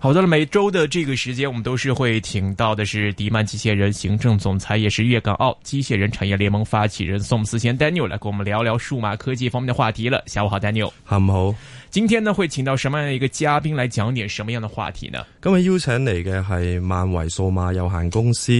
好的，每周的這個時間，我們都是會請到的是迪曼機械人行政總裁,也是粵港澳機械人產業聯盟發起人宋思賢 Daniel 來跟我們聊聊數碼科技方面的話題了。下午好，Daniel。下午好。今天呢，會請到什麼樣的一個嘉賓來講點什麼樣的話題呢？今日邀請嚟嘅係萬維數碼有限公司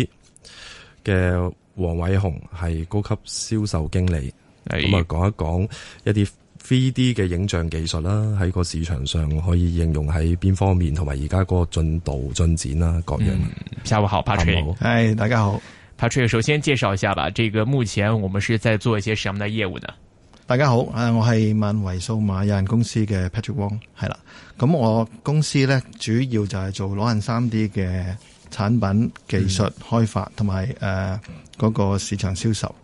嘅王偉鴻，係高級銷售經理。咁啊，講一講一啲。3D 嘅影像技術啦，喺個市場上可以應用喺邊方面，同埋而家嗰個進度進展啦，各樣、嗯、下午好，Patrick。好 Hi, 大家好，Patrick。首先介紹一下吧，這個目前我們是在做一些什麼的業務的？大家好，我係萬維數碼有限公司嘅 Patrick Wong。係啦，咁我公司咧主要就係做裸眼 3D 嘅產品技術開發，同埋誒嗰個市場銷售。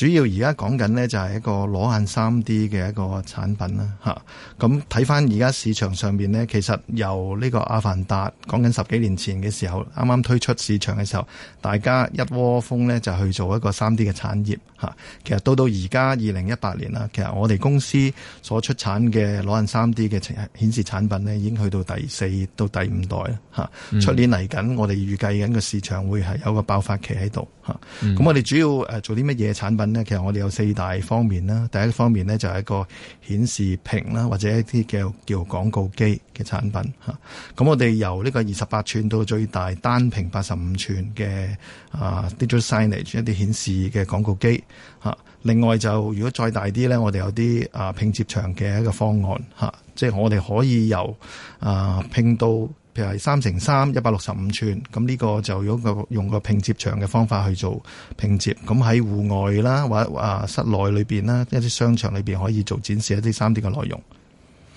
主要而家講緊呢，就係一個裸眼 3D 嘅一個產品啦，吓。咁睇翻而家市場上面呢，其實由呢個阿凡達講緊十幾年前嘅時候，啱啱推出市場嘅時候，大家一窩蜂呢，就去做一個 3D 嘅產業。嚇，其實到到而家二零一八年啦，其實我哋公司所出產嘅攞緊三 D 嘅顯示產品咧，已經去到第四到第五代啦。嚇、嗯，出年嚟緊，我哋預計緊個市場會係有個爆發期喺度。嚇、嗯，咁我哋主要誒做啲乜嘢產品呢？其實我哋有四大方面啦。第一方面呢，就係一個顯示屏啦，或者一啲叫叫廣告機嘅產品。嚇，咁我哋由呢個二十八寸到最大單屏八十五寸嘅啊 Digital Signage 一啲顯示嘅廣告機。吓，另外就如果再大啲咧，我哋有啲啊拼接牆嘅一個方案吓，即係我哋可以由啊拼到，譬如係三乘三一百六十五寸，咁呢個就用個用個拼接牆嘅方法去做拼接，咁喺戶外啦或者啊室內裏邊啦一啲商場裏邊可以做展示一啲三 D 嘅內容。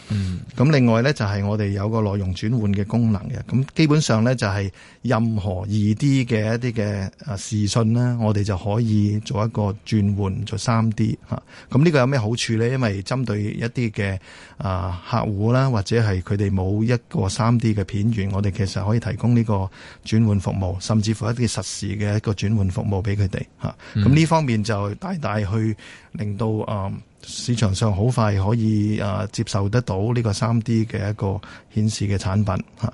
嗯，咁另外咧就係我哋有個內容轉換嘅功能嘅，咁基本上咧就係任何二 D 嘅一啲嘅啊視訊啦，我哋就可以做一個轉換做三 D 吓、啊，咁、這、呢個有咩好處咧？因為針對一啲嘅啊客戶啦，或者係佢哋冇一個三 D 嘅片源，我哋其實可以提供呢個轉換服務，甚至乎一啲實時嘅一個轉換服務俾佢哋吓，咁、啊、呢、嗯、方面就大大去令到啊。呃市場上好快可以、呃、接受得到呢個三 D 嘅一個顯示嘅產品吓。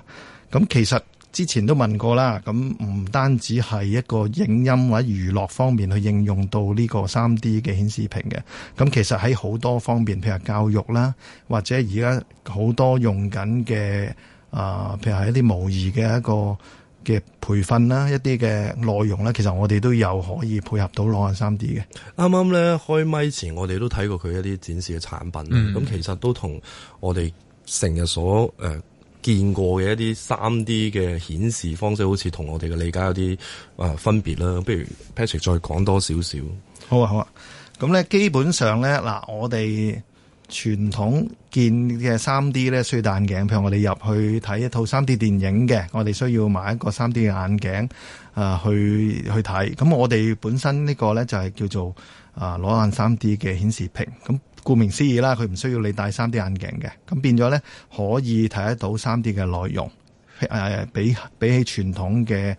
咁其實之前都問過啦，咁唔單止係一個影音或者娛樂方面去應用到呢個三 D 嘅顯示屏嘅。咁其實喺好多方面，譬如教育啦，或者而家好多用緊嘅啊，譬如係一啲模擬嘅一個嘅培訓啦，一啲嘅內容咧，其實我哋都有可以配合到攞下三 D 嘅。啱啱咧開咪前，我哋都睇過佢一啲展示嘅產品，咁、mm hmm. 其實都同我哋成日所誒見過嘅一啲三 D 嘅顯示方式，好似同我哋嘅理解有啲誒分別啦。不如 Patrick 再講多少少。好啊，好啊。咁咧，基本上咧嗱，我哋。傳統見嘅三 D 咧，需要戴眼鏡。譬如我哋入去睇一套三 D 電影嘅，我哋需要買一個三 D 嘅眼鏡啊、呃，去去睇。咁我哋本身呢個咧就係叫做啊裸眼三 D 嘅顯示屏。咁顧名思義啦，佢唔需要你戴三 D 眼鏡嘅。咁變咗咧，可以睇得到三 D 嘅內容。誒比比起傳統嘅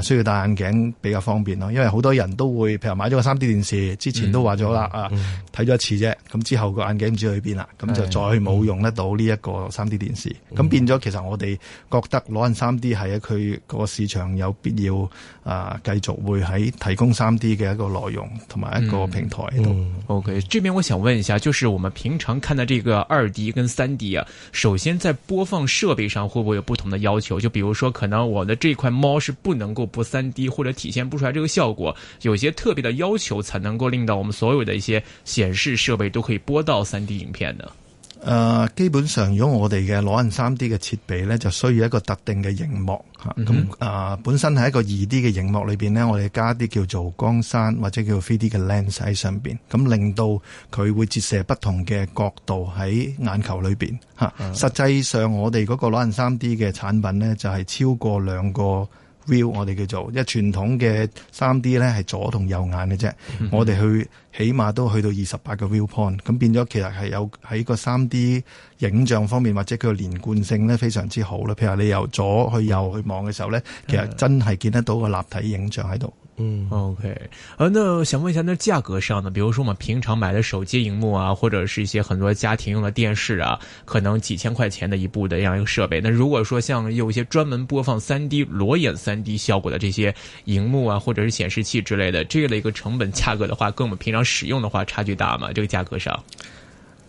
誒需要戴眼鏡比較方便咯，因為好多人都會譬如買咗個 3D 電視，之前都話咗啦，啊睇咗一次啫，咁之後個眼鏡唔知去邊啦，咁、嗯、就再冇用得到呢一個 3D 電視，咁、嗯、變咗其實我哋覺得攞緊 3D 係佢個市場有必要。啊，繼續會喺提供三 D 嘅一個內容同埋一個平台度。嗯嗯、OK，這邊我想問一下，就是我們平常看到這個二 D 跟三 D 啊，首先在播放設備上會不會有不同的要求？就比如說，可能我的這塊貓是不能夠播三 D 或者體現不出來這個效果，有些特別的要求才能夠令到我們所有的一些顯示設備都可以播到三 D 影片呢？誒、呃、基本上，如果我哋嘅裸眼三 D 嘅設備咧，就需要一個特定嘅熒幕咁啊、嗯哼呃，本身係一個二 D 嘅熒幕裏面，咧，我哋加啲叫做光柵或者叫3 D 嘅 lens 喺上邊，咁令到佢會折射不同嘅角度喺眼球裏面。啊嗯、哼實際上，我哋嗰個裸眼三 D 嘅產品咧，就係、是、超過兩個。view 我哋叫做，因為傳統嘅三 D 咧，係左同右眼嘅啫，我哋去起碼都去到二十八個 viewpoint，咁變咗其實係有喺個三 D 影像方面或者佢嘅連貫性咧非常之好啦。譬如話你由左去右去望嘅時候咧，其實真係見得到個立體影像喺度。嗯，OK，啊，那想問一下，那價格上呢？比如說我們平常買的手機螢幕啊，或者是一些很多家庭用的電視啊，可能幾千塊錢的一部的這樣一個設備，那如果說像有一些專門播放 3D 裸眼 3D 效果的這些螢幕啊，或者是顯示器之類的，這類個成本價格的話，跟我們平常使用的話差距大嗎？這個價格上，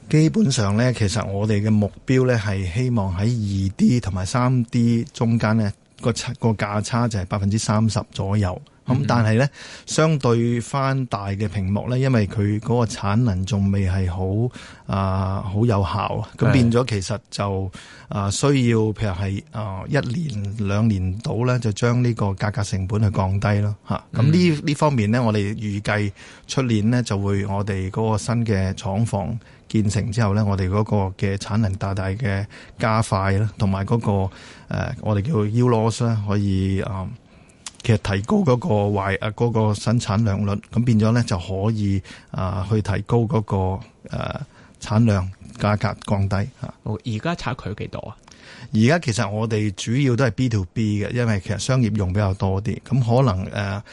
基本上呢，其實我哋嘅目標呢，係希望喺 2D 同埋 3D 中間呢，個差個價差就係百分之三十左右。咁、嗯、但係咧，相對翻大嘅屏幕咧，因為佢嗰個產能仲未係好啊，好、呃、有效啊，咁變咗其實就啊需要譬如係啊一年兩年到咧，就將呢個價格成本去降低咯嚇。咁呢呢方面咧，我哋預計出年呢，就會我哋嗰個新嘅廠房建成之後咧，我哋嗰個嘅產能大大嘅加快啦，同埋嗰個、呃、我哋叫 U loss 咧可以啊。呃其實提高嗰個壞、啊嗰個生產量率，咁變咗咧就可以啊去提高嗰、嗰個誒、啊、產量，價格降低吓。哦，而家差距幾多啊？而家其實我哋主要都係 B to B 嘅，因為其實商業用比較多啲，咁可能誒。啊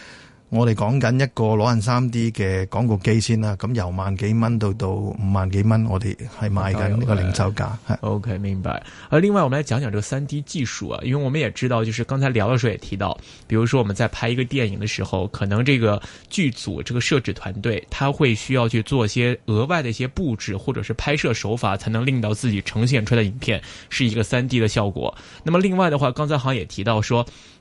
我哋講緊一個裸眼三 D 嘅廣告機先啦，咁由萬幾蚊到到五萬幾蚊，我哋係賣緊呢個零售價。OK，明白。而另外，我們來講講呢個三 D 技術啊，因為我們也知道，就是剛才聊嘅時候也提到，比如說我們在拍一個電影嘅時候，可能這個劇組、這個攝製團隊，他會需要去做一些額外嘅一些布置，或者是拍攝手法，才能令到自己呈現出嘅影片是一個三 D 嘅效果。那麼另外嘅話，剛才好像也提到說。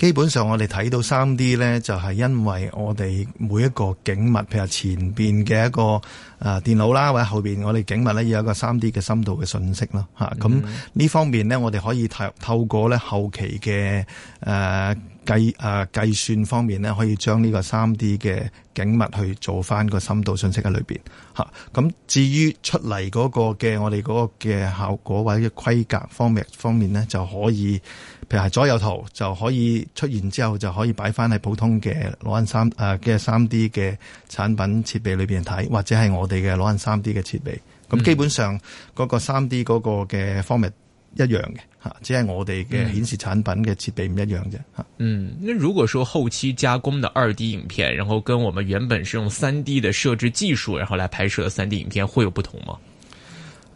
基本上我哋睇到三 D 呢，就係因為我哋每一個景物，譬如前面嘅一個啊電腦啦，或者後面我哋景物呢，要有一個三 D 嘅深度嘅信息囉。咁呢、mm hmm. 方面呢，我哋可以透透過呢後期嘅、啊計,啊、計算方面呢，可以將呢個三 D 嘅景物去做翻個深度信息喺裏面。咁、啊、至於出嚟嗰個嘅我哋嗰個嘅效果或者規格方面方面呢，就可以。譬如係左右圖就可以出現之後就可以擺翻喺普通嘅裸眼三嘅三 D 嘅產品設備裏面睇，或者係我哋嘅裸眼三 D 嘅設備。咁基本上嗰個三 D 嗰個嘅 format 一樣嘅嚇，嗯、只係我哋嘅顯示產品嘅設備唔一樣啫嚇嗯，那如果說後期加工的二 D 影片，然後跟我們原本是用三 D 的設置技術，然後來拍攝的三 D 影片會有不同嗎？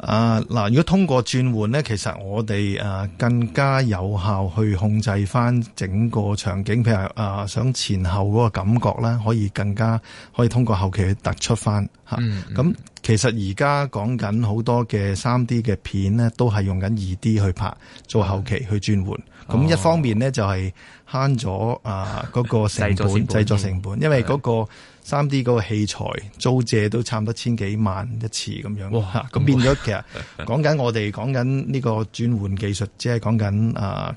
啊嗱，如果通過轉換咧，其實我哋、啊、更加有效去控制翻整個場景，譬如啊想前後嗰個感覺咧，可以更加可以通過後期去突出翻吓咁、啊 mm hmm. 其實而家講緊好多嘅三 D 嘅片咧，都係用緊二 D 去拍，做後期去轉換。Mm hmm. 嗯咁一方面呢，就係慳咗啊嗰個成本製作成本，成本因為嗰個三 D 嗰個器材租借都差唔多千幾萬一次咁樣，吓咁、哦、變咗其實講緊，哦、我哋講緊呢個轉換技術，即係講緊啊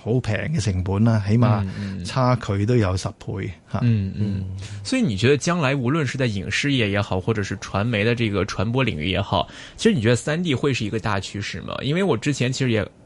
好平嘅成本啦，起碼差距都有十倍吓。嗯嗯，嗯所以你覺得將來無論是在影視業也好，或者是傳媒的這個傳播領域也好，其實你覺得三 D 會是一個大趨勢嗎？因為我之前其實也。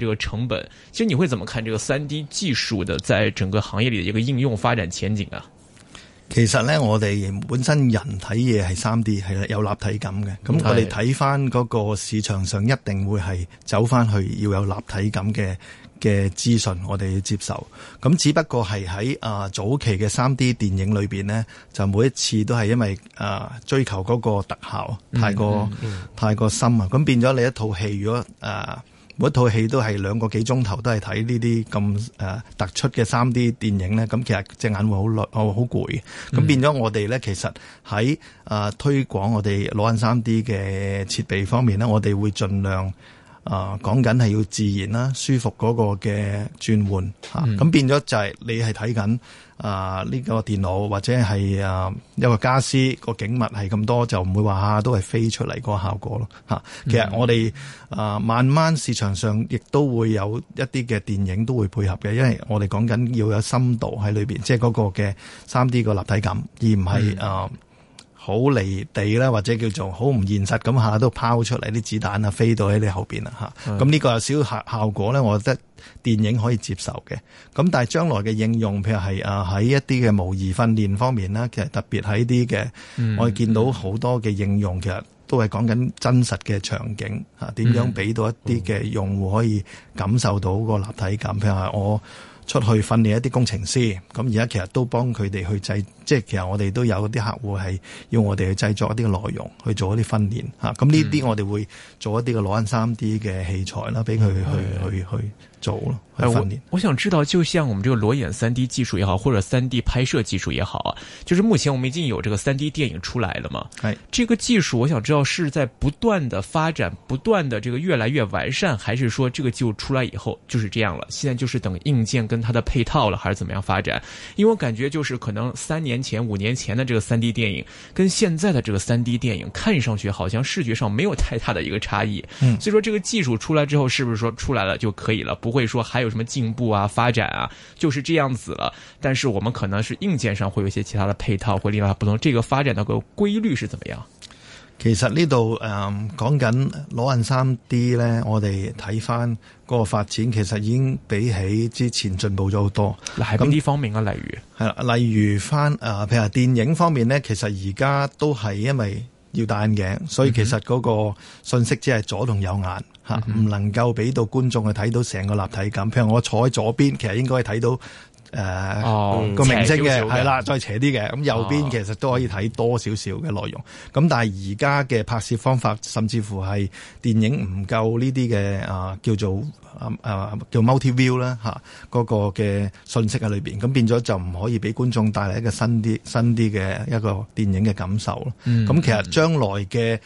這個成本，其實你會怎麼看這個三 D 技術的在整個行業裏的一個應用發展前景啊？其實呢，我哋本身人睇嘢係三 D 係有立體感嘅，咁我哋睇翻嗰個市場上一定會係走翻去要有立體感嘅嘅資訊，我哋要接受。咁只不過係喺啊早期嘅三 D 電影裏邊呢，就每一次都係因為啊、呃、追求嗰個特效太過嗯嗯嗯太過深啊，咁變咗你一套戲如果啊。呃嗰套戲都係兩個幾鐘頭都係睇呢啲咁誒突出嘅三 D 電影咧，咁其實隻眼會好累，會好攰。咁變咗我哋咧，其實喺誒、嗯、推廣我哋裸眼三 D 嘅設備方面咧，我哋會盡量誒講緊係要自然啦、舒服嗰個嘅轉換嚇。咁、嗯啊、變咗就係你係睇緊。啊！呢個電腦或者係啊一個傢俬個景物係咁多，就唔會話、啊、都係飛出嚟嗰個效果咯、嚇、其實我哋啊慢慢市場上亦都會有一啲嘅電影都會配合嘅，因為我哋講緊要有深度喺裏面，即係嗰個嘅三 D 個立體感，而唔係啊。嗯好離地啦，或者叫做好唔現實咁，下都拋出嚟啲子彈啊，飛到喺你後邊啦，嚇。咁呢個有少效效果咧，我覺得電影可以接受嘅。咁但係將來嘅應用，譬如係啊喺一啲嘅模擬訓練方面啦，其實特別喺啲嘅，嗯、我哋見到好多嘅應用，其實都係講緊真實嘅場景啊，點樣俾到一啲嘅用戶可以感受到個立體感，譬如係我。出去訓練一啲工程師，咁而家其實都幫佢哋去製，即係其實我哋都有啲客戶係要我哋去製作一啲內容，去做一啲訓練吓。咁呢啲我哋會做一啲嘅攞緊三 D 嘅器材啦，俾佢去去去。嗯，去去去走了，還有五年。我想知道，就像我們這個裸眼三 D 技術也好，或者三 D 拍攝技術也好啊，就是目前我們已經有這個三 D 電影出來了嘛？哎，這個技術我想知道是在不斷的發展，不斷的這個越來越完善，還是說這個技術出來以後就是這樣了？現在就是等硬件跟它的配套了，還是怎麼樣發展？因為我感覺就是可能三年前、五年前的這個三 D 電影跟現在的這個三 D 電影看上去好像視覺上沒有太大的一個差異，嗯，所以說這個技術出來之後，是不是說出來了就可以了？不。不會說還有什麼進步啊、發展啊，就是這樣子了。但是我們可能是硬件上會有一些其他的配套，會另外不同。這個發展的個規律是怎麼樣？其實呢度誒講緊裸眼 3D 呢，我哋睇翻嗰個發展，其實已經比起之前進步咗好多。嗱那，喺邊啲方面啊，例如係啦，例如翻誒，譬、呃、如電影方面呢，其實而家都係因為要戴眼鏡，所以其實嗰個信息只係左同右眼。嗯唔能夠俾到觀眾去睇到成個立體感，譬如我坐喺左邊，其實應該睇到誒個明星嘅，係啦，再斜啲嘅，咁右邊其實都可以睇多少少嘅內容。咁但係而家嘅拍攝方法，甚至乎係電影唔夠呢啲嘅啊叫做啊叫 Multi-View 啦嚇，嗰個嘅信息喺裏邊，咁變咗就唔可以俾觀眾帶嚟一個新啲新啲嘅一個電影嘅感受。咁其實將來嘅。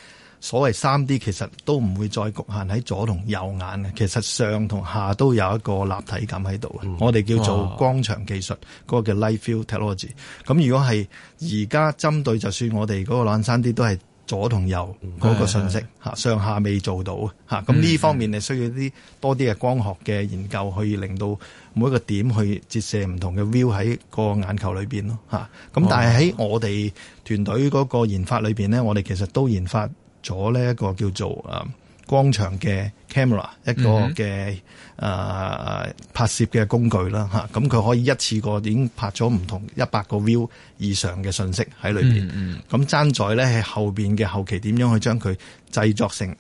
所謂三 D 其實都唔會再局限喺左同右眼啊，其實上同下都有一個立體感喺度啊。嗯、我哋叫做光場技術，嗰、哦、個叫 light field technology。咁如果係而家針對，就算我哋嗰個兩三 D 都係左同右嗰個信息、嗯、上下未做到啊。咁呢方面你需要啲多啲嘅光學嘅研究，可以、嗯、令到每一個點去折射唔同嘅 view 喺個眼球裏面。咯咁、哦嗯、但係喺我哋團隊嗰個研發裏面，呢我哋其實都研發咗呢一個叫做啊光場嘅 camera 一個嘅啊、mm hmm. 呃、拍攝嘅工具啦嚇，咁、啊、佢可以一次過已經拍咗唔同一百個 view 以上嘅信息喺裏邊，咁爭在咧喺後邊嘅後期點樣去將佢製作成。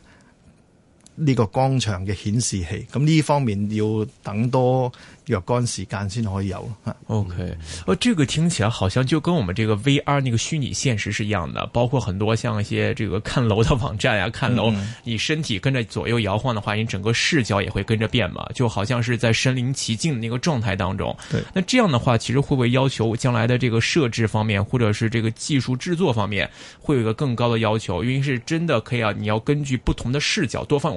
呢個光場嘅顯示器，咁呢方面要等多若干時間先可以有。OK，哦，這個聽起來好像就跟我們這個 VR 那個虛擬現實是一樣的，包括很多像一些這個看樓的網站啊，看樓，你身體跟着左右搖晃的話，你整個視角也會跟着變嘛，就好像是在身臨其境的那個狀態當中。對那這樣的話其實會不會要求將來的這個設置方面，或者是這個技術製作方面，會有一個更高的要求，因為是真的可以啊，你要根據不同的視角，多方。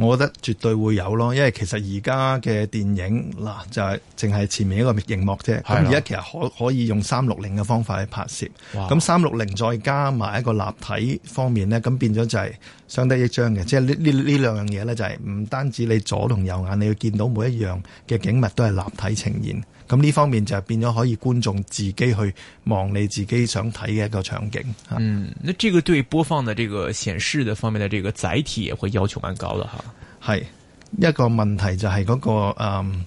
我覺得絕對會有咯，因為其實而家嘅電影嗱就係淨係前面一個熒幕啫。咁而家其實可可以用三六零嘅方法去拍攝。咁三六零再加埋一個立體方面呢，咁變咗就係相得益彰嘅。嗯、即係呢呢呢兩樣嘢咧，就係唔單止你左同右眼，你要見到每一樣嘅景物都係立體呈現。咁呢方面就變咗可以觀眾自己去望你自己想睇嘅一個場景。嗯，呢個對播放嘅這個顯示嘅方面嘅這個載體，也會要求蠻高啦，吓。係一個問題就係嗰、那個誒、嗰、嗯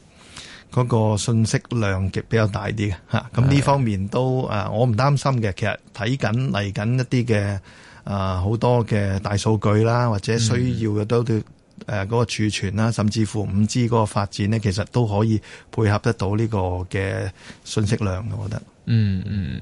那個信息量極比較大啲吓。咁呢、嗯、方面都誒、呃，我唔擔心嘅。其實睇緊嚟緊一啲嘅誒、好、呃、多嘅大數據啦，或者需要嘅都對。嗯誒嗰、呃嗰個儲存啦，甚至乎五 G 嗰個發展呢，其實都可以配合得到呢個嘅信息量，我覺得，嗯嗯。嗯。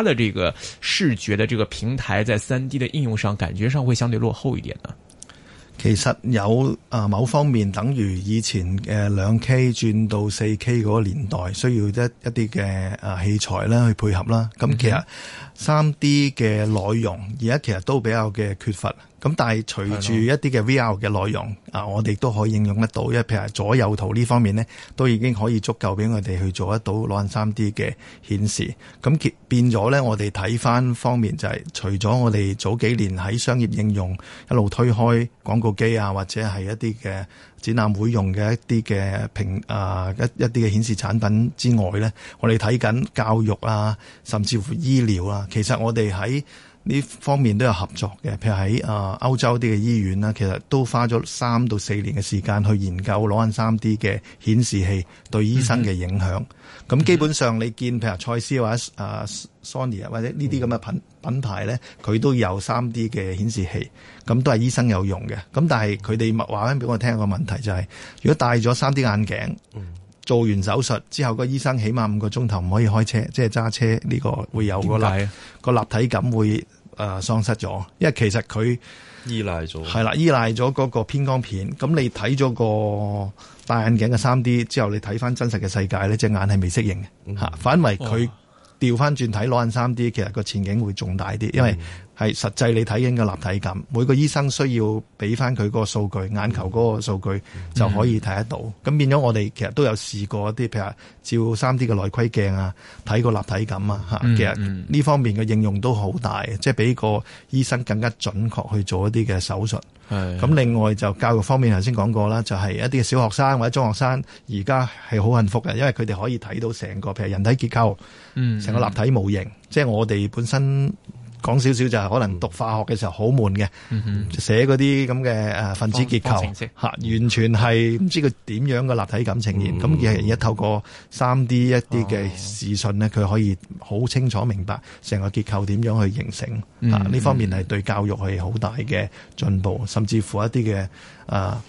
它的這個視覺的這個平台，在三 D 的應用上，感覺上會相對落後一點呢？其實有啊，某方面等於以前嘅兩 K 轉到四 K 嗰個年代，需要一一啲嘅啊器材咧去配合啦。咁其實三 D 嘅內容而家其實都比較嘅缺乏。咁但係隨住一啲嘅 VR 嘅內容的啊，我哋都可以應用得到。一譬如左右圖呢方面呢，都已經可以足夠俾我哋去做得到攞緊 3D 嘅顯示。咁變咗咧，我哋睇翻方面就係、是，除咗我哋早幾年喺商業應用一路推開廣告機啊，或者係一啲嘅展覽會用嘅一啲嘅屏啊，一一啲嘅顯示產品之外咧，我哋睇緊教育啊，甚至乎醫療啊，其實我哋喺呢方面都有合作嘅，譬如喺啊、呃、歐洲啲嘅醫院啦，其實都花咗三到四年嘅時間去研究攞緊三 D 嘅顯示器對醫生嘅影響。咁 基本上你見譬如蔡司或者啊、呃、Sony 或者呢啲咁嘅品品牌咧，佢、嗯、都有三 D 嘅顯示器，咁都係醫生有用嘅。咁但係佢哋話翻俾我聽個問題就係、是，如果戴咗三 D 眼鏡，嗯。做完手術之後，個醫生起碼五個鐘頭唔可以開車，即係揸車呢個會有個立個立體感會誒喪失咗，因為其實佢依賴咗係啦，依賴咗嗰個偏光片。咁你睇咗個戴眼鏡嘅三 D、嗯、之後，你睇翻真實嘅世界咧，隻眼係未適應嘅吓。嗯、反為佢調翻轉睇裸眼三 D，其實個前景會重大啲，因為。係實際你睇緊嘅立體感，每個醫生需要俾翻佢嗰個數據，眼球嗰個數據就可以睇得到。咁、mm hmm. 變咗我哋其實都有試過一啲，譬如話照三 D 嘅內窺鏡啊，睇個立體感啊、mm hmm. 其實呢方面嘅應用都好大，即係俾個醫生更加準確去做一啲嘅手術。咁、mm hmm. 另外就教育方面，頭先講過啦，就係、是、一啲嘅小學生或者中學生而家係好幸福嘅，因為佢哋可以睇到成個譬如人體結構，成個立體模型，mm hmm. 即係我哋本身。講少少就係可能讀化學嘅時候好悶嘅，嗯、哼寫嗰啲咁嘅誒分子結構吓，完全係唔知佢點樣嘅立體感呈現。咁而係而家透過三 D 一啲嘅視訊呢佢，哦、可以好清楚明白成個結構點樣去形成。呢、嗯、方面係對教育係好大嘅進步，甚至乎一啲嘅啊。呃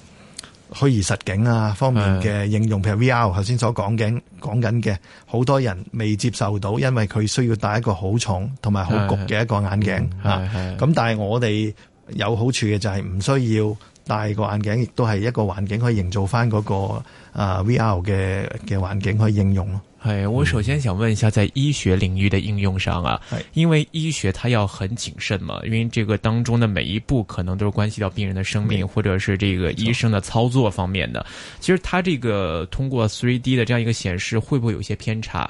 虛擬實景啊方面嘅應用，譬如 VR，頭先所講緊講緊嘅，好多人未接受到，因為佢需要戴一個好重同埋好焗嘅一個眼鏡嚇。咁的、嗯、但係我哋有好處嘅就係唔需要。戴個眼鏡亦都係一個環境，可以營造翻、那、嗰個啊、呃、VR 嘅嘅環境可以應用咯。係，我首先想問一下，在醫學領域的應用上啊、嗯、因為醫學它要很謹慎嘛，因為這個當中的每一步可能都是關係到病人的生命，或者是這個醫生的操作方面的。冇錯。其實，它這個通過 3D 的這樣一個顯示，會不會有些偏差？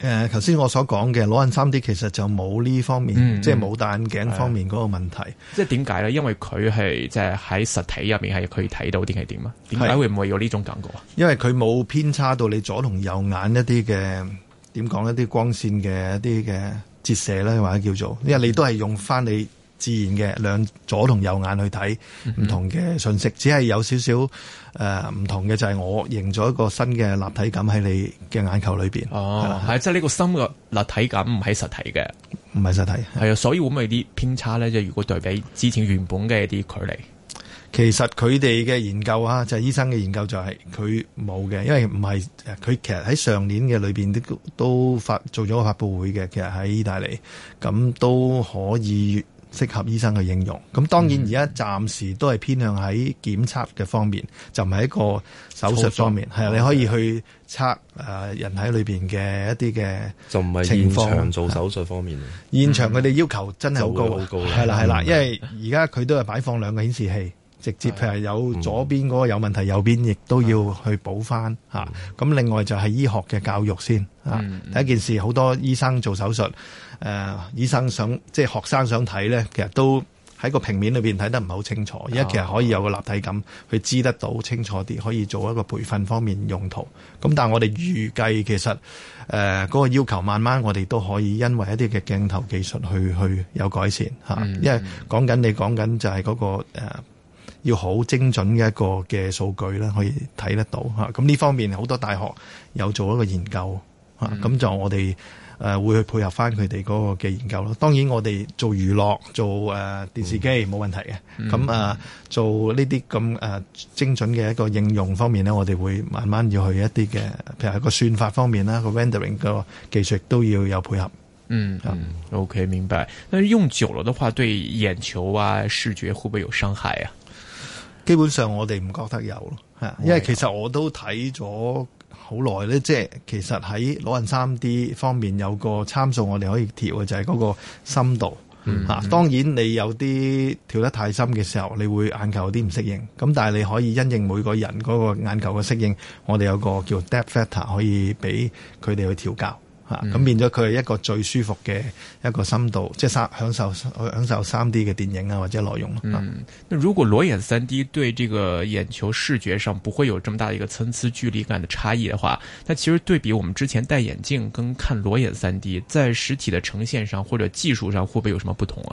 誒，頭先、呃、我所講嘅裸眼三 D 其實就冇呢方面，嗯、即係冇戴眼鏡方面嗰個問題。即係點解咧？因為佢係即係喺實體入面係佢睇到定係點啊？點解會唔會有呢種感覺啊？因為佢冇偏差到你左同右眼一啲嘅點講一啲光線嘅一啲嘅折射咧，或者叫做因為你都係用翻你自然嘅兩左同右眼去睇唔同嘅信息，嗯、只係有少少。誒，唔、呃、同嘅就係我認咗一個新嘅立體感喺你嘅眼球裏邊。哦，係，即係呢個新嘅立體感唔係實體嘅，唔係實體。係啊的，所以會唔會啲偏差咧？即係如果對比之前原本嘅一啲距離，其實佢哋嘅研究啊，就係、是、醫生嘅研究就係佢冇嘅，因為唔係，佢其實喺上年嘅裏邊都都發做咗個發布會嘅，其實喺意大利，咁都可以。適合醫生嘅應用，咁當然而家暫時都係偏向喺檢測嘅方面，就唔係一個手術方面。係啊，你可以去測誒人體裏面嘅一啲嘅情況，做手術方面。現場佢哋要求真係好高，係啦係啦，因為而家佢都係擺放兩個顯示器，直接譬如有左邊嗰個有問題，右邊亦都要去補翻吓。咁另外就係醫學嘅教育先啊，第一件事好多醫生做手術。誒、呃、醫生想即係學生想睇咧，其實都喺個平面裏面睇得唔係好清楚，而家其實可以有個立體感，去知得到清楚啲，可以做一個培訓方面用途。咁但係我哋預計其實誒嗰、呃那個要求慢慢我哋都可以因為一啲嘅鏡頭技術去去有改善嚇。嗯、嗯，因為講緊你講緊就係嗰、那個、呃、要好精準嘅一個嘅數據咧，可以睇得到嚇。咁、啊、呢方面好多大學有做一個研究嚇，咁、啊、就我哋。誒、呃、會去配合翻佢哋嗰個嘅研究咯。當然我哋做娛樂做誒、呃、電視機冇問題嘅。咁啊、嗯呃、做呢啲咁誒精準嘅一個應用方面咧，我哋會慢慢要去一啲嘅，譬如係個算法方面啦，這個 rendering 個技術都要有配合。嗯、啊、嗯，OK 明白。但係用久咗嘅話對眼球啊視覺會唔會有傷害啊？基本上我哋唔覺得有咯，哎、呦因為其實我都睇咗。好耐咧，即係其實喺攞人 3D 方面有個參數，我哋可以調嘅就係嗰個深度嚇。當然你有啲調得太深嘅時候，你會眼球有啲唔適應。咁但係你可以因應每個人嗰個眼球嘅適應，我哋有個叫 depth factor 可以俾佢哋去調教。吓咁、嗯、變咗佢係一個最舒服嘅一個深度，即係三享受享受三 D 嘅電影啊或者內容、啊、嗯，如果裸眼三 D 對這個眼球視覺上不會有這麼大一個層次距離感嘅差異嘅話，但其實對比我哋之前戴眼鏡跟看裸眼三 D，在實體嘅呈現上或者技術上會唔會有什麼不同啊？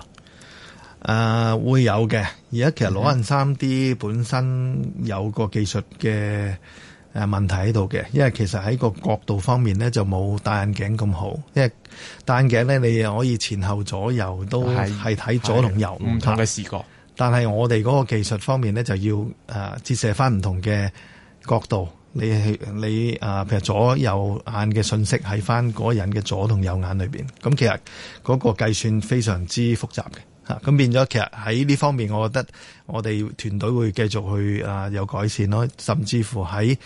誒、呃，會有嘅。而家其實裸眼三 D 本身有個技術嘅。嗯誒、啊、問題喺度嘅，因為其實喺個角度方面呢，就冇戴眼鏡咁好。因為戴眼鏡呢，你又可以前後左右都係睇左同右唔同嘅視覺。但係我哋嗰個技術方面呢，就要誒、呃、折射翻唔同嘅角度。你係你啊、呃，譬如左右眼嘅信息喺翻嗰人嘅左同右眼裏面，咁其實嗰個計算非常之複雜嘅。吓，咁變咗，其實喺呢方面，我覺得我哋團隊會繼續去啊，有改善咯。甚至乎喺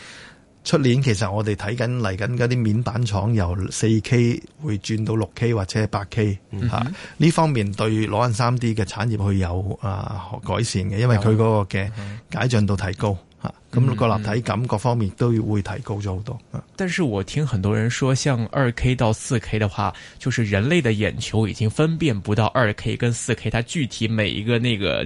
出年，其實我哋睇緊嚟緊嗰啲面板廠由四 K 會轉到六 K 或者八 K，吓呢、嗯哼啊、方面對攞緊三 D 嘅產業去有啊改善嘅，因為佢嗰個嘅解像度提高。嗯哼啊！咁個立體感各方面都會提高咗好多。嗯，但是我聽很多人說，像二 K 到四 K 的話，就是人類的眼球已經分辨不到二 K 跟四 K，它具體每一個那個。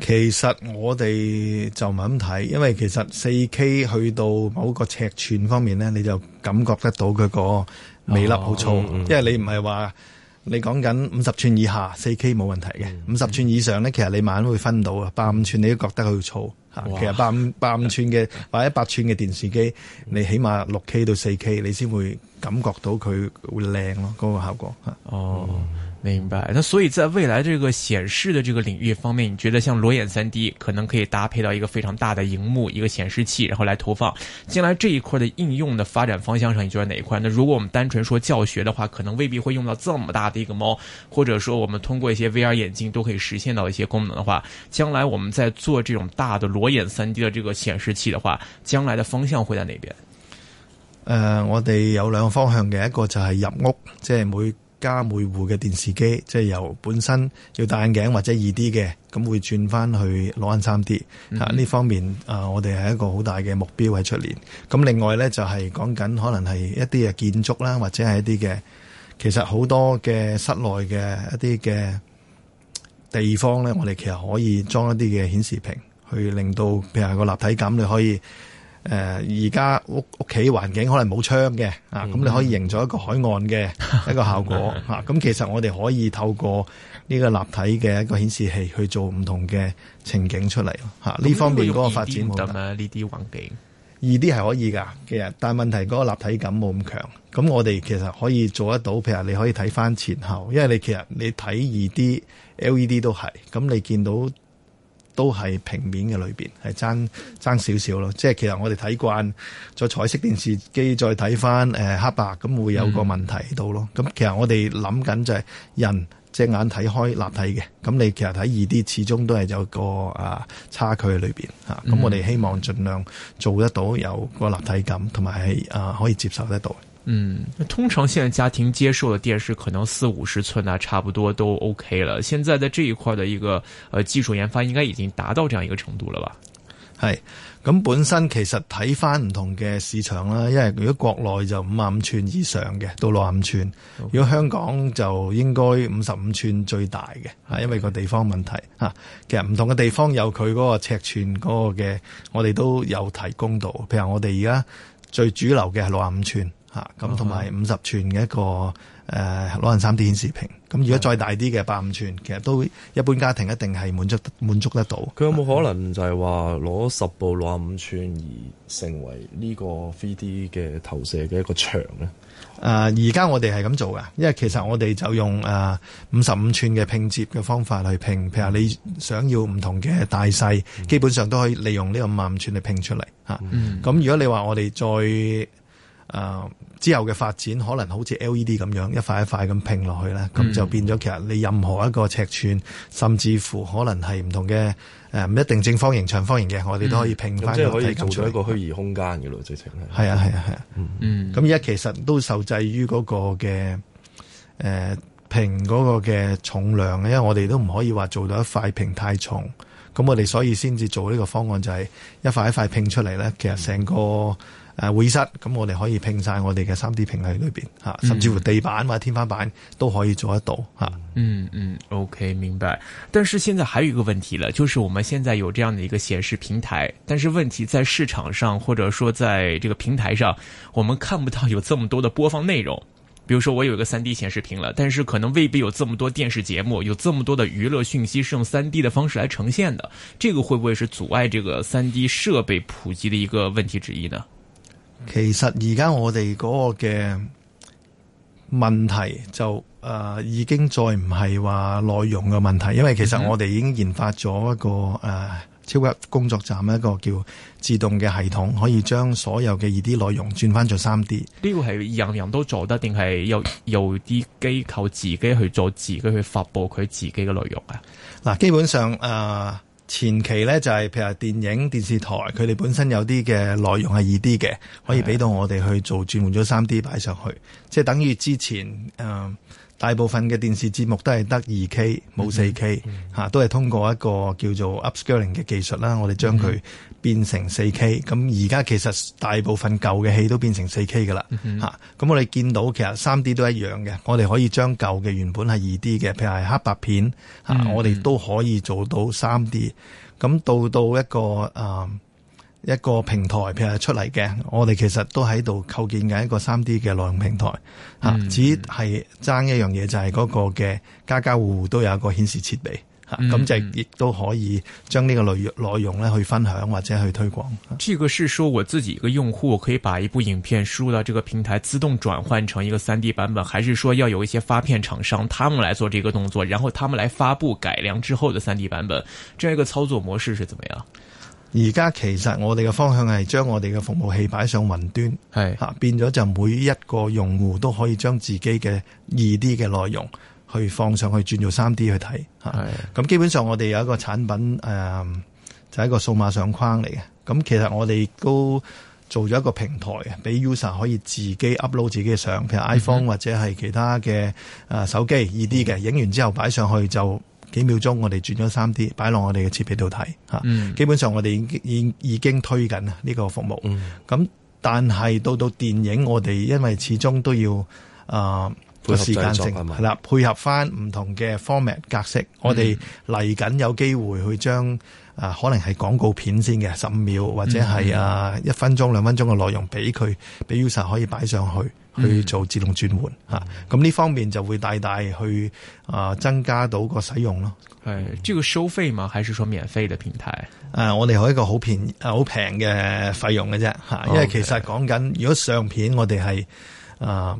其實我哋就唔係咁睇，因為其實四 K 去到某個尺寸方面呢，你就感覺得到佢個微粒好粗。哦嗯、因為你唔係話你講緊五十寸以下四 K 冇問題嘅，五十寸以上呢，嗯、其實你慢慢會分到啊。八五寸你都覺得佢好粗哇其實八五八五寸嘅或者一百寸嘅電視機，你起碼六 K 到四 K 你先會感覺到佢會靚咯，嗰、那個效果、哦嗯明白，那所以在未來這個顯示的這個領域方面，你覺得像裸眼 3D 可能可以搭配到一個非常大的熒幕一個顯示器，然後來投放。將來這一塊的應用的發展方向上，你覺得哪一塊呢？那如果我們單純說教學的話，可能未必會用到這麼大的一個貓，或者說我們通過一些 VR 眼鏡都可以實現到一些功能的話，將來我們在做這種大的裸眼 3D 的這個顯示器的話，將來的方向會在哪邊？呃，我哋有兩個方向嘅，一個就係入屋，即係每。加每戶嘅電視機，即係由本身要戴眼鏡或者二 D 嘅，咁會轉翻去攞翻三 D。呢方面啊，我哋係一個好大嘅目標喺出年。咁另外呢，就係講緊可能係一啲嘅建築啦，或者係一啲嘅，其實好多嘅室內嘅一啲嘅地方呢，我哋其實可以裝一啲嘅顯示屏，去令到譬如個立體感你可以。誒，而、呃、家屋屋企環境可能冇窗嘅啊，咁你可以營造一個海岸嘅一個效果 啊。咁其實我哋可以透過呢個立體嘅一個顯示器去做唔同嘅情景出嚟嚇。呢方面嗰個發展都得，呢啲環境，二 D 係可以㗎，其實，但係問題嗰個立體感冇咁強。咁我哋其實可以做得到，譬如你可以睇翻前後，因為你其實你睇二 D，LED 都係，咁你見到。都係平面嘅裏邊係爭爭少少咯。即係其實我哋睇慣再彩色電視機再睇翻誒黑白，咁會有個問題到咯。咁、嗯、其實我哋諗緊就係、是、人隻眼睇開立體嘅，咁你其實睇二 D 始終都係有個啊差距喺裏邊嚇。咁、嗯、我哋希望盡量做得到有個立體感，同埋係啊可以接受得到。嗯，通常現在家庭接受的電視可能四五十寸啊，差不多都 OK 了。現在在這一塊的一個，呃，技術研發應該已經達到這樣一個程度了吧？係咁，那本身其實睇翻唔同嘅市場啦，因為如果國內就五十五寸以上嘅到六十五寸，Okay. 如果香港就應該五十五寸最大嘅啊，因為個地方問題吓。Okay. 其實唔同嘅地方有佢嗰個尺寸嗰個嘅，我哋都有提供到。譬如我哋而家最主流嘅係六十五寸。吓咁同埋五十寸嘅一個誒，裸眼三 D 顯示屏。咁如果再大啲嘅八五寸，的其實都一般家庭一定係滿足滿足得到。佢有冇可能就係話攞十部六五寸而成為呢個 3D 嘅投射嘅一個牆咧？誒、啊，而家我哋係咁做嘅，因為其實我哋就用誒五十五寸嘅拼接嘅方法去拼，譬如話你想要唔同嘅大細，嗯、基本上都可以利用呢個五十五寸嚟拼出嚟嚇。咁、嗯啊、如果你話我哋再誒、呃，之後嘅發展可能好似 LED 咁樣一塊一塊咁拼落去咧，咁就變咗其實你任何一個尺寸，嗯、甚至乎可能係唔同嘅誒，唔、呃、一定正方形、長方形嘅，我哋都可以拼翻，咁、嗯、即係可以做出一個虛擬空間嘅咯，直情係。係啊係啊係啊，啊啊嗯咁而家其實都受制於嗰個嘅誒屏嗰個嘅重量咧，因為我哋都唔可以話做到一塊屏太重，咁我哋所以先至做呢個方案就係、是、一塊一塊拼出嚟咧，其實成個。嗯誒，會議室，咁我哋可以拼晒我哋嘅三 D 平台裏邊吓，甚至乎地板或者天花板都可以做得到吓、嗯。嗯嗯，OK 明白。但是現在還有一個問題了，就是我們現在有這樣的一個顯示平台，但是問題在市場上或者說在這個平台上，我們看不到有這麼多的播放內容。比如說我有一個三 D 顯示屏了，但是可能未必有這麼多電視節目，有這麼多的娛樂訊息是用三 D 的方式來呈現的。這個會不會是阻礙這個三 D 設備普及的一個問題之一呢？其實而家我哋嗰個嘅問題就誒、呃、已經再唔係話內容嘅問題，因為其實我哋已經研發咗一個誒、呃、超級工作站一個叫自動嘅系統，可以將所有嘅二 D 內容轉翻做三 D。呢個係人人都做得，定係有有啲機構自己去做，自己去發佈佢自己嘅內容啊？嗱，基本上誒。呃前期咧，就係譬如電影、電視台佢哋本身有啲嘅內容係二 D 嘅，可以俾到我哋去做轉換咗三 D 擺上去，即係等於之前，呃大部分嘅電視節目都係得二 K 冇四 K、mm hmm. 都係通過一個叫做 upscaling 嘅技術啦。我哋將佢變成四 K、mm。咁而家其實大部分舊嘅戲都變成四 K 噶啦嚇。咁我哋見到其實三 D 都一樣嘅，我哋可以將舊嘅原本係二 D 嘅，譬如係黑白片、mm hmm. 啊、我哋都可以做到三 D。咁到到一個、呃一個平台，譬如係出嚟嘅，我哋其實都喺度構建緊一個三 D 嘅內容平台，吓、嗯、只係爭一樣嘢就係嗰個嘅家家戶戶都有一個顯示設備，吓咁、嗯、就亦都可以將呢個內容內容咧去分享或者去推廣。這個是說我自己一個用戶可以把一部影片輸入到這個平台，自動轉換成一個三 D 版本，還是說要有一些發片廠商，他們來做這個動作，然後他們來發布改良之後的三 D 版本，這樣一個操作模式是怎麼樣？而家其實我哋嘅方向係將我哋嘅服務器擺上雲端，係吓是的 變咗就每一個用戶都可以將自己嘅二 D 嘅內容去放上去轉做三 D 去睇吓，係咁基本上我哋有一個產品誒、呃、就係、是、一個數碼相框嚟嘅。咁其實我哋都做咗一個平台，俾 user 可以自己 upload 自己嘅相，譬如 iPhone 或者係其他嘅誒手機二 D 嘅影完之後擺上去就。幾秒鐘，我哋轉咗三 D 擺落我哋嘅設備度睇吓、嗯、基本上我哋已經已已經推緊呢個服務。咁、嗯、但係到到電影，我哋因為始終都要啊、呃、配合製作啦，的配合返唔同嘅 format 格式。嗯、我哋嚟緊有機會去將啊、呃、可能係廣告片先嘅十五秒或者係啊一分鐘兩分鐘嘅內容俾佢俾 user 可以擺上去。去做自動轉換吓，咁呢、嗯啊、方面就會大大去啊、呃、增加到個使用咯。係，這個收費嘛，還是說免費嘅平台？誒、呃，我哋係一個好便、好平嘅費用嘅啫吓，因為其實講緊，如果相片我哋係啊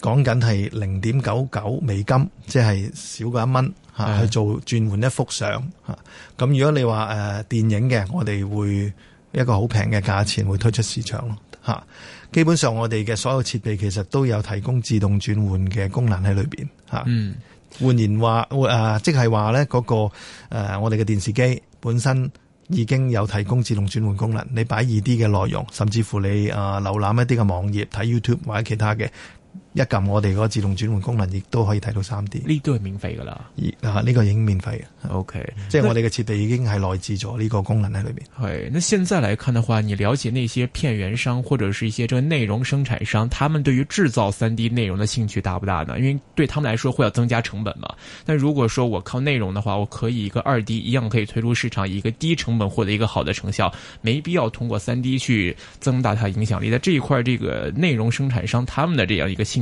講緊係零點九九美金，即係少過一蚊吓去做轉換一幅相吓。咁、啊、如果你話誒、呃、電影嘅，我哋會一個好平嘅價錢會推出市場咯吓。啊基本上我哋嘅所有設備其實都有提供自動轉換嘅功能喺裏面。嗯，換言話、呃、即係話咧嗰個、呃、我哋嘅電視機本身已經有提供自動轉換功能。你擺二 D 嘅內容，甚至乎你誒瀏覽一啲嘅網頁睇 YouTube 或者其他嘅。一撳我哋嗰自動轉換功能，亦都可以睇到三 D。呢都係免費噶啦，嗱呢個已經免費嘅。O K，即係我哋嘅設備已經係內置咗呢個功能喺裏面。係，那現在來看的話，你了解那些片源商或者是一些這個內容生產商，他們對於製造三 D 內容嘅興趣大不大呢？因為對他們來說會要增加成本嘛。但如果說我靠內容的話，我可以一個二 D 一樣可以推出市場，以一個低成本獲得一個好的成效，沒必要通過三 D 去增大它影響力。在這一塊這個內容生產商他們的這樣一個興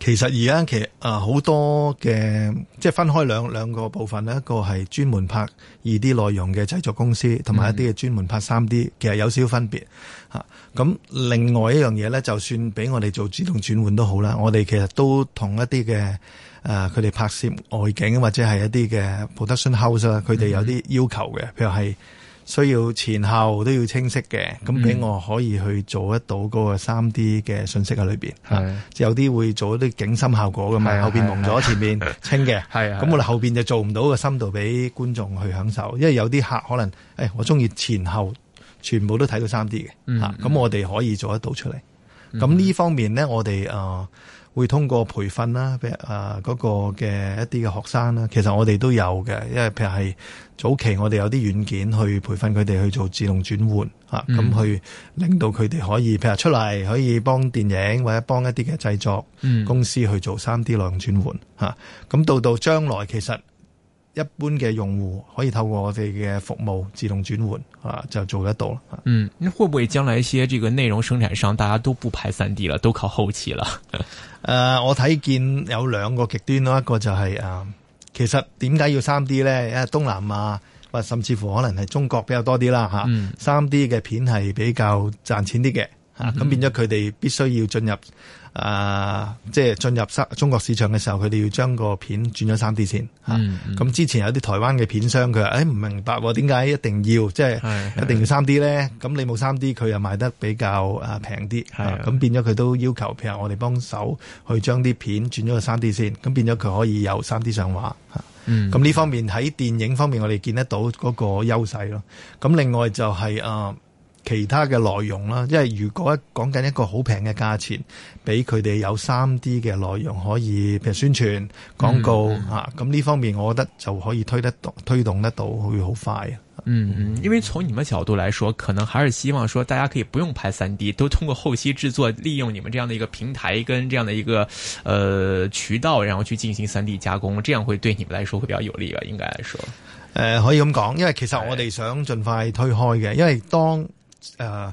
其實而家其實啊好、呃、多嘅即係分開兩兩個部分，一個係專門拍二 D 內容嘅製作公司，同埋一啲嘅專門拍三 D，其實有少少分別吓。咁、啊、另外一樣嘢咧，就算俾我哋做自動轉換都好啦，我哋其實都同一啲嘅誒，佢、呃、哋拍攝外景或者係一啲嘅 production house 啦，佢哋有啲要求嘅，譬如係。需要前後都要清晰嘅，咁俾我可以去做得到嗰個三 D 嘅信息喺裏邊嚇，mm hmm. 啊、就有啲會做啲景深效果噶嘛，mm hmm. 後面蒙咗，mm hmm. 前邊清嘅，咁、mm hmm. 我哋後面就做唔到個深度俾觀眾去享受，因為有啲客可能，誒、哎、我中意前後全部都睇到三 D 嘅嚇，咁、啊 mm hmm. 啊、我哋可以做得到出嚟。咁呢方面咧，我哋誒。呃會通過培訓啦，譬如嗰、啊嗰個嘅一啲嘅學生啦，其實我哋都有嘅，因為譬如係早期我哋有啲軟件去培訓佢哋去做自動轉換吓，咁、嗯、去令到佢哋可以譬如出嚟可以幫電影或者幫一啲嘅製作公司去做三 D 內容轉換吓，咁、嗯、到到將來其實。一般嘅用戶可以透過我哋嘅服務自動轉換啊，就做得到啦。嗯，會唔會將來一些呢個內容生產商大家都不拍三 D 啦，都靠後期啦？誒、呃，我睇見有兩個極端咯，一個就係、是、誒、呃，其實點解要三 D 咧？因為東南亞或甚至乎可能係中國比較多啲啦吓，三、啊嗯、D 嘅片係比較賺錢啲嘅吓，咁、啊嗯、變咗佢哋必須要進入。啊，即係進入三中國市場嘅時候，佢哋要將個片轉咗三 D 先。咁、嗯啊、之前有啲台灣嘅片商，佢話：，誒、哎、唔明白點解一定要即係一定要三 D 咧？咁的你冇三 D，佢又賣得比較啊平啲。咁變咗佢都要求，譬如我哋幫手去將啲片轉咗個三 D 先，咁變咗佢可以有三 D 上畫。咁、啊、呢、嗯啊、方面喺電影方面，我哋見得到嗰個優勢咯。咁、啊、另外就係、是、啊。其他嘅內容啦，因為如果講緊一個好平嘅價錢，俾佢哋有三 D 嘅內容可以，譬如宣傳廣告、嗯、啊，咁呢方面我覺得就可以推得動，推動得到會好快啊。嗯，因為從你們角度來說，可能還是希望說大家可以不用拍三 D，都通過後期製作，利用你們這樣的一個平台跟這樣的一個，呃渠道，然後去進行三 D 加工，這樣會對你們來說會比較有利吧？應該來說，誒、呃，可以咁講，因為其實我哋想盡快推開嘅，因為當誒、呃，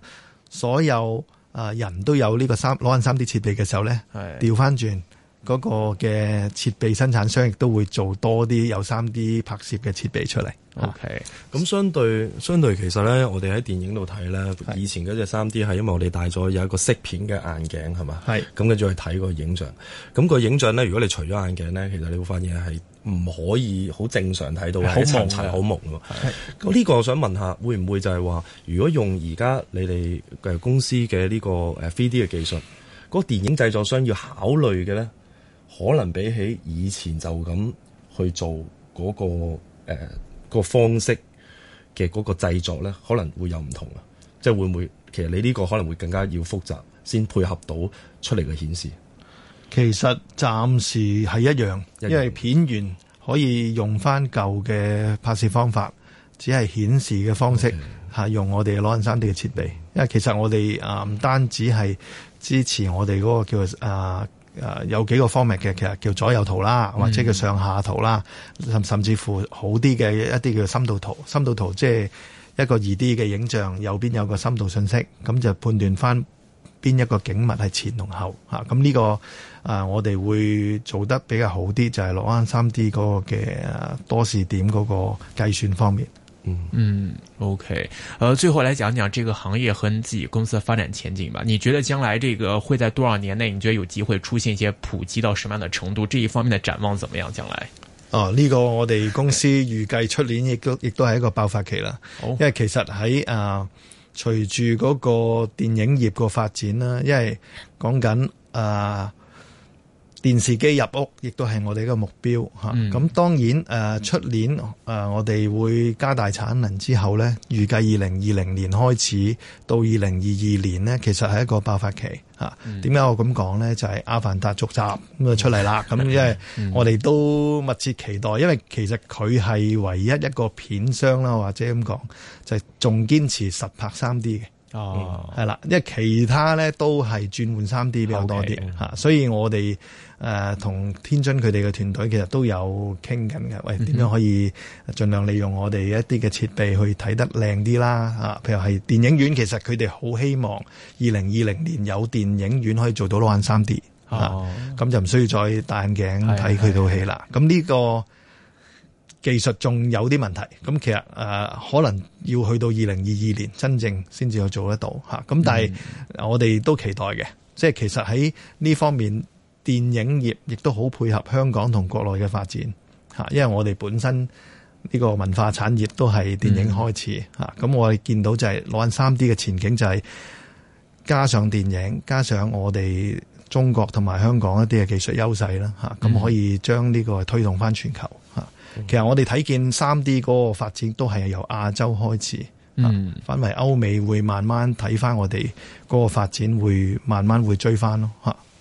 所有誒、呃、人都有呢個三攞緊三 D 設備嘅時候咧，調翻轉嗰個嘅設備生產商亦都會做多啲有三 D 拍攝嘅設備出嚟。OK，咁、啊、相對相對其實咧，我哋喺電影度睇呢，的以前嗰隻三 D 係因為我哋戴咗有一個色片嘅眼鏡係嘛，咁跟住去睇個影像。咁個影像咧，如果你除咗眼鏡咧，其實你會發現係。唔可以好正常睇到好朦嘅，好朦嘅。咁呢個我想問下，會唔會就係話，如果用而家你哋嘅公司嘅呢個誒 3D 嘅技術，嗰個電影製作商要考慮嘅咧，可能比起以前就咁去做嗰個誒個方式嘅嗰個製作咧，可能會有唔同啊？即係會唔會其實你呢個可能會更加要複雜，先配合到出嚟嘅顯示？其實暫時係一樣，因為片源可以用翻舊嘅拍攝方法，只係顯示嘅方式係 Okay. 用我哋嘅裸眼 3D 嘅設備。因為其實我哋啊唔單止係支持我哋嗰個叫做啊啊有幾個方面嘅，其實叫左右圖啦，或者叫上下圖啦，甚、mm. 甚至乎好啲嘅一啲叫深度圖。深度圖即係一個 2D 嘅影像，右邊有個深度信息，咁就判斷翻。邊一個景物係前同後吓，咁呢個啊，這個呃、我哋會做得比較好啲，就係攞翻三 D 嗰個嘅多視點嗰個計算方面。嗯嗯，OK，誒、呃，最後嚟講講這個行業和你自己公司的發展前景吧。你覺得將來這個會在多少年內？你覺得有機會出現一些普及到什麼樣嘅程度？這一方面嘅展望怎麼樣？將來？哦，呢、這個我哋公司預計出年亦都亦都係一個爆發期啦。好、哦，因為其實喺啊。呃隨住嗰個電影業嘅發展啦，因為講緊啊、呃電視機入屋，亦都係我哋一個目標嚇咁、嗯、當然誒，出、呃、年誒、呃，我哋會加大產能之後呢，預計二零二零年開始到二零二二年呢，其實係一個爆發期嚇。點、啊、解、嗯、我咁講呢？就係、係《阿凡達》續集咁啊出嚟啦。咁因為我哋都密切期待，嗯、因為其實佢係唯一一個片商啦，或者咁講，就係仲堅持實拍三 D 嘅。哦，係啦，因為其他呢都係轉換三 D 比較多啲嚇 okay,、嗯、所以我哋。誒，同、呃、天津佢哋嘅團隊其實都有傾緊嘅，喂，點樣可以盡量利用我哋一啲嘅設備去睇得靚啲啦？譬如係電影院，其實佢哋好希望二零二零年有電影院可以做到攞眼三 D 嚇、啊、咁、哦、就唔需要再戴眼鏡睇佢套戲啦。咁呢個技術仲有啲問題，咁其實誒、呃、可能要去到二零二二年真正先至有做得到嚇。咁、啊、但係我哋都期待嘅，即係其實喺呢方面。電影業亦都好配合香港同國內嘅發展嚇，因為我哋本身呢個文化產業都係電影開始嚇，咁、嗯、我哋見到就係攞緊三 D 嘅前景就係、是、加上電影，加上我哋中國同埋香港一啲嘅技術優勢啦嚇，咁可以將呢個推動翻全球嚇。其實我哋睇見三 D 嗰個發展都係由亞洲開始，嗯，反為歐美會慢慢睇翻我哋嗰、那個發展，會慢慢會追翻咯嚇。